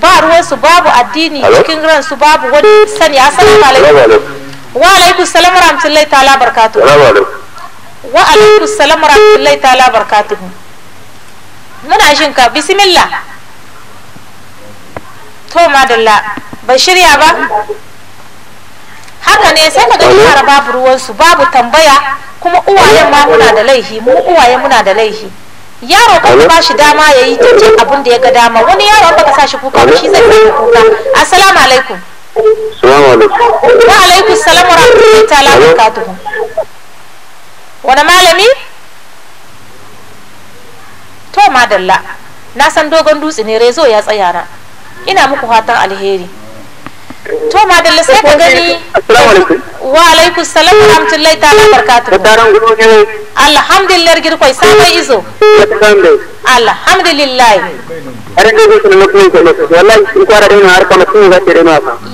ba ruwansu babu addini cikin ransu babu wani sani a sanar wa alaikum salam rahmatullahi ta'ala barkatu wa alaikum salam rahmatullahi ta'ala barkatu muna jin ka bismillah to madalla bai shirya ba haka ne sai ka gani yara babu ruwansu babu tambaya kuma uwayen ma muna da laifi mu uwayen muna da laifi yaro ka ba shi dama ya yi tace abin da ya ga dama wani yaro ba ka sa shi kuka ba shi zai yi kuka assalamu alaikum assalamu alaikum wa alaikum assalamu wa rahmatullahi ta'ala wa barakatuh wani malami to madalla na san dogon dutse ne rezo ya tsaya na ina muku fatan alheri to madalla sai ka gani wa alaikum salam wa rahmatullahi ta'ala ne. alhamdulillah gir izo alhamdulillah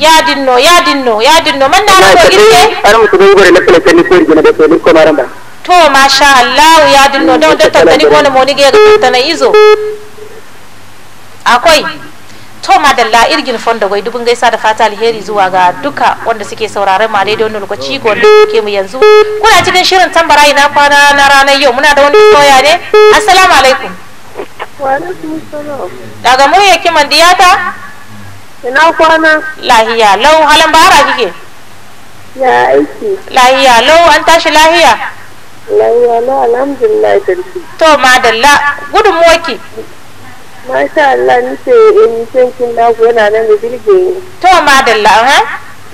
ya dinno ya dinno ya dinno man na ko to masha Allah ya dinno da tantani ko na moni ga izo akwai to madalla irgin fonda gwai dubin gaisa da fata alheri zuwa ga duka wanda suke sauraron ma daidai wani lokaci gwanda suke mu yanzu kuna cikin shirin tambara ina kwana na ranar yau muna da wani soya ne assalamu alaikum daga murya kiman diyata ina kwana lahiya lau halan bara kike ya aiki lahiya lau an tashi lahiya lahiya lau alhamdulillah to madalla gudun ki Masha Allah ni ce eh, in san kin yana nan da birge ni. To madalla ha?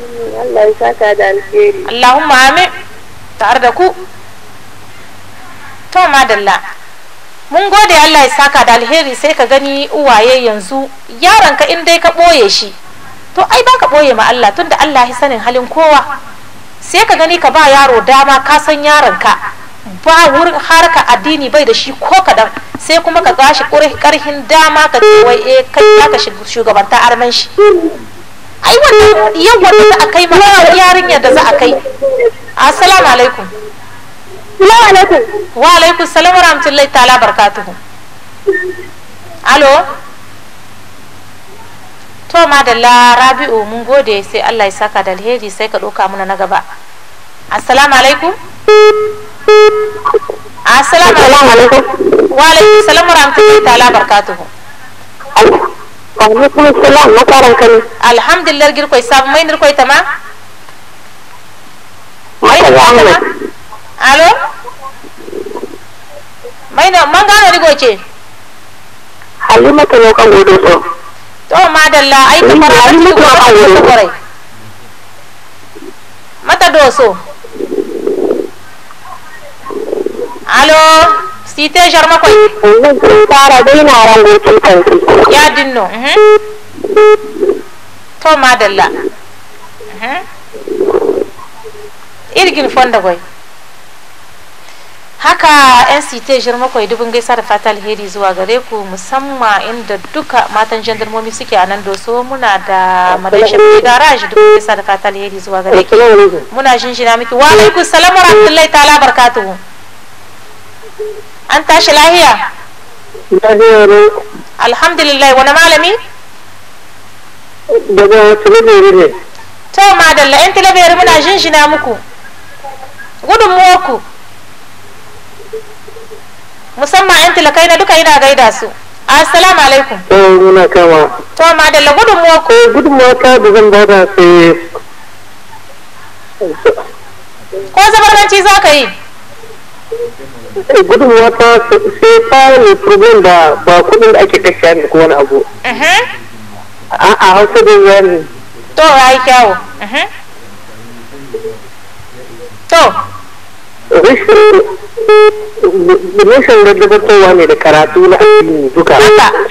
Mm, Allah ya saka da alheri. Allahumma amin tare da ku. To madalla. Mun gode Allah ya saka da alheri sai ka gani uwaye yanzu yaronka in dai ka ɓoye shi. To ai ba ka ɓoye ma Allah tunda Allah ya sanin halin kowa. Sai ka gani ka ba yaro dama ka san yaronka. ba wurin harka addini bai da shi ko kadan sai kuma ka gashi karhin dama ka ce wai eh kai zaka shugabanta armen shi ai wannan yan wanda za a kai ma yarinya da za a kai assalamu alaikum assalamu alaikum wa alaikum salam wa rahmatullahi ta'ala barakatuhu alo to madalla rabi'u mun gode sai Allah ya saka da sai ka doka muna na gaba assalamu alaikum assalamu alaikum wa alaikum salam rahmatullahi ta'ala barakatuhu alaikum salam na karan kani alhamdulillah gir koy sab may nir koy tama may nir koy tama alo may na mangano ni goce halima ta kan godo so to ma madalla ai ka fara ta godo ko kore mata doso alo jarma koy na ya dinno mhm. to mhm. irgin fonda koy haka yan site jirma kwai dubin gaisa da fata zuwa gare ku musamman inda duka matan jandarmomi suke a nan doso muna da madashin mai garage gaisa da zuwa gare muna jinjina miki wa alaikum salam wa rahmatullahi ta'ala an tashi lahiya alhamdulillah wani malami daga tilabere ne to madalla yan tilabere muna jinjina muku gudunmuwarku musamman yan tilakai na duka ina gaida su assalamu alaikum to muna kama to madalla gudun gudunmuwarka da zan bada sai ko ci za ka yi gudunmuwa eh, ta sai fara problem ba ba kudin da ake kashe ne ko wani abu a'a hausa da zani to yi kyawu to rashin gaggabartowa ne da karatu na addini duka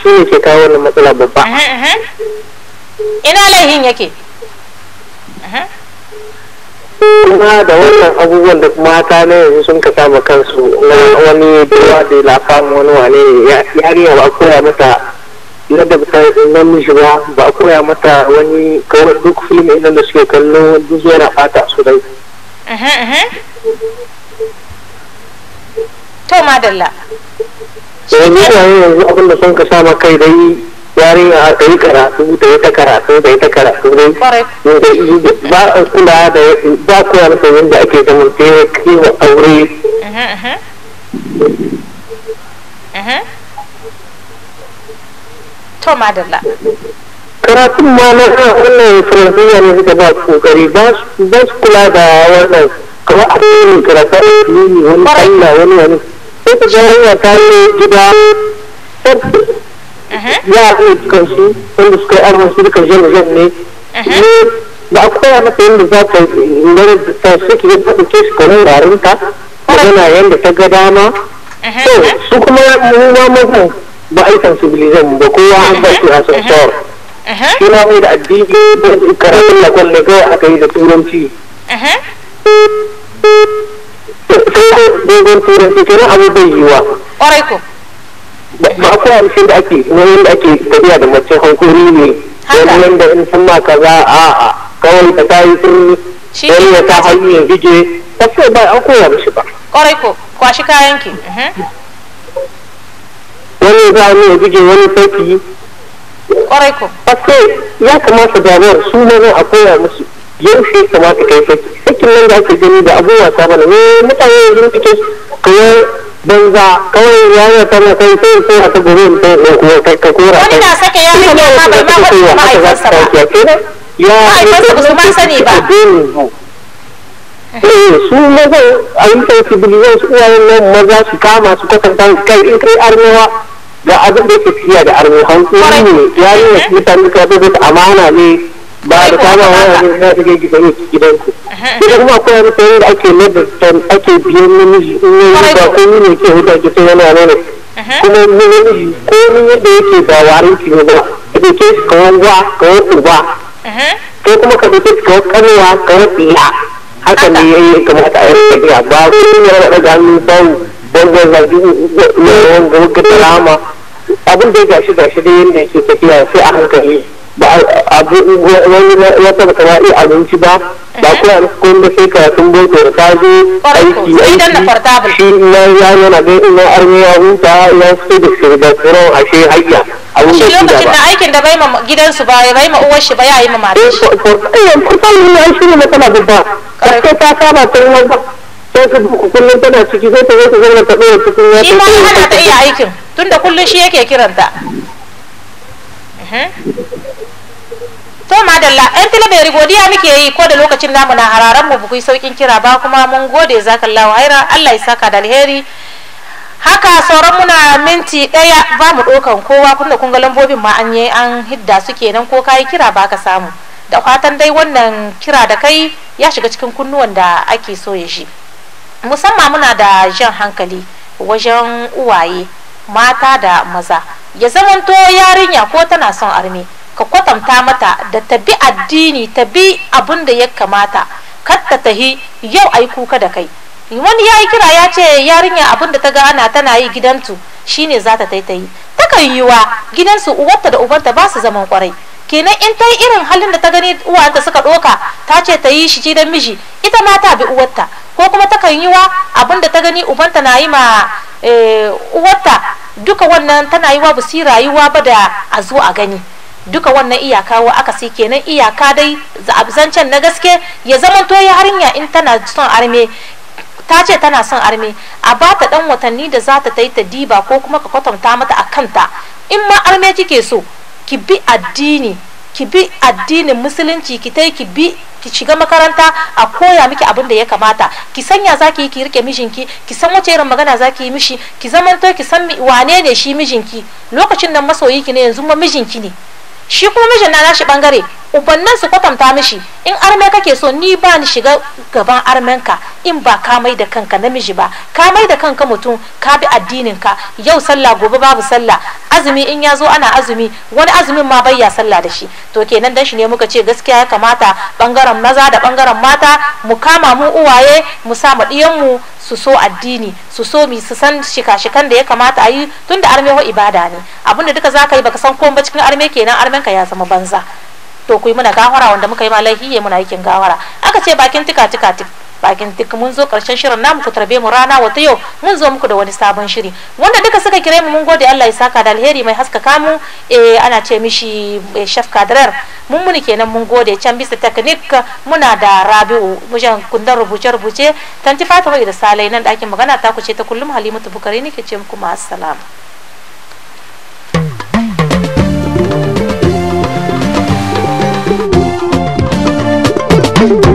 shi ne ke kawo wannan matsala babba ina laihin yake kuma da wannan abubuwan da mata na yanzu sun kasa ma kansu na wani dawa da ya lafam wani wane riya ba a koya mata da ba namiji ba ba a koya mata wani kawai duk filin inda da suke kallo duk yana fata su dai. To madalla. Yanzu yanzu abin da sun ka sama kai dai yarinya a ta yi karatu da ya ta karatu da ya ta karatu dai ba kula da ba koya masa yadda ake zamantakewa kiwon aure uh-huh, uh-huh. Uh-huh. to madalla karatun ma na wannan faransiya ne suka ba kokari ba su kula da wannan kamar a cikin karatun wani allah wani wani sai ta ta yi gida yaran kansu wanda suka yi aron su duka jan jan ne ba a koya mata yadda za ta lura da ta suke yin faɗin ke su kamar yarinta magana yadda ta ga dama su kuma mu ma mazan ba a yi sensibilizan ba kowa an ba shi hasan shi na mai da addini da karatun da kwalle kawai aka yi da turanci sai dogon turanci kenan abu bai yiwa ƙwarai ko ba ko hamsin da ake nauyin da ake tafiya da mace hankuri ne wani wanda in sun ma kaza a a kawai ta tayi sun wani ya ta hannu ya bige ta ce ba an koya mishi ba kwarai ko kwashi kayan ki mhm. wani ya ta hannu ya bige wani sauki kwarai ko paske ya kamata damuwar su mazan a koya musu yau shi kamata kai saki sakin nan da ake gani da abubuwa ta mana ne eh, mutane yanzu suke kawai banza kawai ya ta na kai sai ko a gurin ko ka kora wani na sake ya hanyar ma bai ma wani ma'aikansa ba ya ma'aikansa ba su ma sani ba eh, su maza a yi sensibilizan su uwayen nan maza su kama su kwatanta kai in kai armewa ga abin da ke tafiya da armewa hankali ne ya yi mutane ka amana ne ba da kama wani na shiga gidan su ita kuma akwai wani tsayin da ake nada tsayin ake biyan namiji in yi ba ko ni ne ke hudu ake tsayin yana nuna kuma namiji ko ni da yake ba warin ki ne ba ka dauke shi kamar ba kamar uba ko kuma ka dauke shi kamar kanuwa kamar tsiya haka ne ya yi kamata a yi tafiya ba ko ni yana da gani bawu bangon zargi ne wanda ga drama abin da ya gashi gashi da yadda yake tafiya sai a hankali ba ya taba kama iya abinci ba ba kuma musu kun da sai karatun boko da ta zo aiki aiki shi na ya yana ga ina armiya huta ya fito da da shirga tsoron ashe hayya abin da shi lokacin da aikin da bai ma gidansu ba ya bai ma uwar shi ba ya yi ma matar shi eh, eh, ne ai shi ne matsala babba gaskiya ta saba ta yi wanda sai su kullum tana ciki sai ta zo ta zama ta ɗora cikin ya ta shi ma hana ta iya aikin tunda kullum shi yake kiranta Eh? to madalla yan talabari godiya muke yi ko da lokacin namu na hararan mu bukui saukin kira ba kuma mun gode lawa haira Allah ya saka da alheri haka sauran muna minti daya ba mu ɗaukan kowa kun da kun ga lambobin ma an yi an hidda su kenan ko kayi kira ba ka samu da fatan dai wannan kira da kai ya shiga cikin kunnuwan da ake so ya shi musamman muna da jan hankali wajen uwaye mata da maza ya zamanto yarinya ko tana son arme ka kwatanta mata da ta bi addini ta bi abin da ya kamata kar ta tahi yau ai kuka da kai wani ya yi kira ya ce yarinya abin da ta ga ana tana yi gidantu shine za ta taitayi takan yi wa gidansu uwarta da ubanta ba su zaman kwarai kenan in ta yi irin halin da ta gani uwarta suka ɗoka ta ce ta yi shi gidan miji ita ma ta bi uwarta ko kuma ta kan yi wa abin da ta gani ubanta na yi ma eh, uwarta duka wannan tana yi wa ba su rayuwa ba da a zo a gani duka wannan iyaka wa aka sai kenan iyaka dai zancen na gaske ya zama to ya harinya in tana son arme ta ce tana son arme a ba ta dan watanni da za ta yi ta diba ko kuma ka kwatanta mata a kanta in ma arme kike so ki bi addini ki bi addinin musulunci ki tai ki bi ki shiga makaranta a koya miki abin da ya kamata ki sanya zaki yi ki rike mijinki ki san wace irin magana zaki yi mishi ki zamanto ki san wane ne shi mijinki lokacin nan masoyi ne yanzu ma mijinki ne shi kuma mijin na nashi bangare ubannin su kwatanta mishi in arme kake so ni ba ni shiga gaban armenka in ba ka mai da kanka namiji ba ka mai da kanka mutum ka bi addinin ka yau sallah gobe babu sallah azumi in ya zo ana azumi wani azumin ma bayya sallah da shi to kenan dan shi ne muka ce gaskiya ya kamata bangaren maza da bangaren mata mu kama mu uwaye mu sa ma mu su so addini su so mi su san shika-shikan da ya kamata a yi tun tunda armewa ibada ne abinda duka za ka yi baka san komai cikin arme kenan armenka ya zama banza to ku yi muna gawara wanda muka yi ma laifi muna aikin gawara aka ce bakin tika tika tik bakin tik mun zo karshen shirin namu ku tarbe mu rana wata yau mun zo muku da wani sabon shiri wanda duka suka kire mu mun gode Allah ya saka da alheri mai haska kamu. eh ana ce mishi eh, chef kadrar mun muni kenan mun gode can bisa teknik muna da Rabiu mujan kundan rubuce rubuce tanti Fatima da Salai nan dakin magana ta ku ce ta kullum Halimatu Bukari ke ce muku ma assalamu Thank you.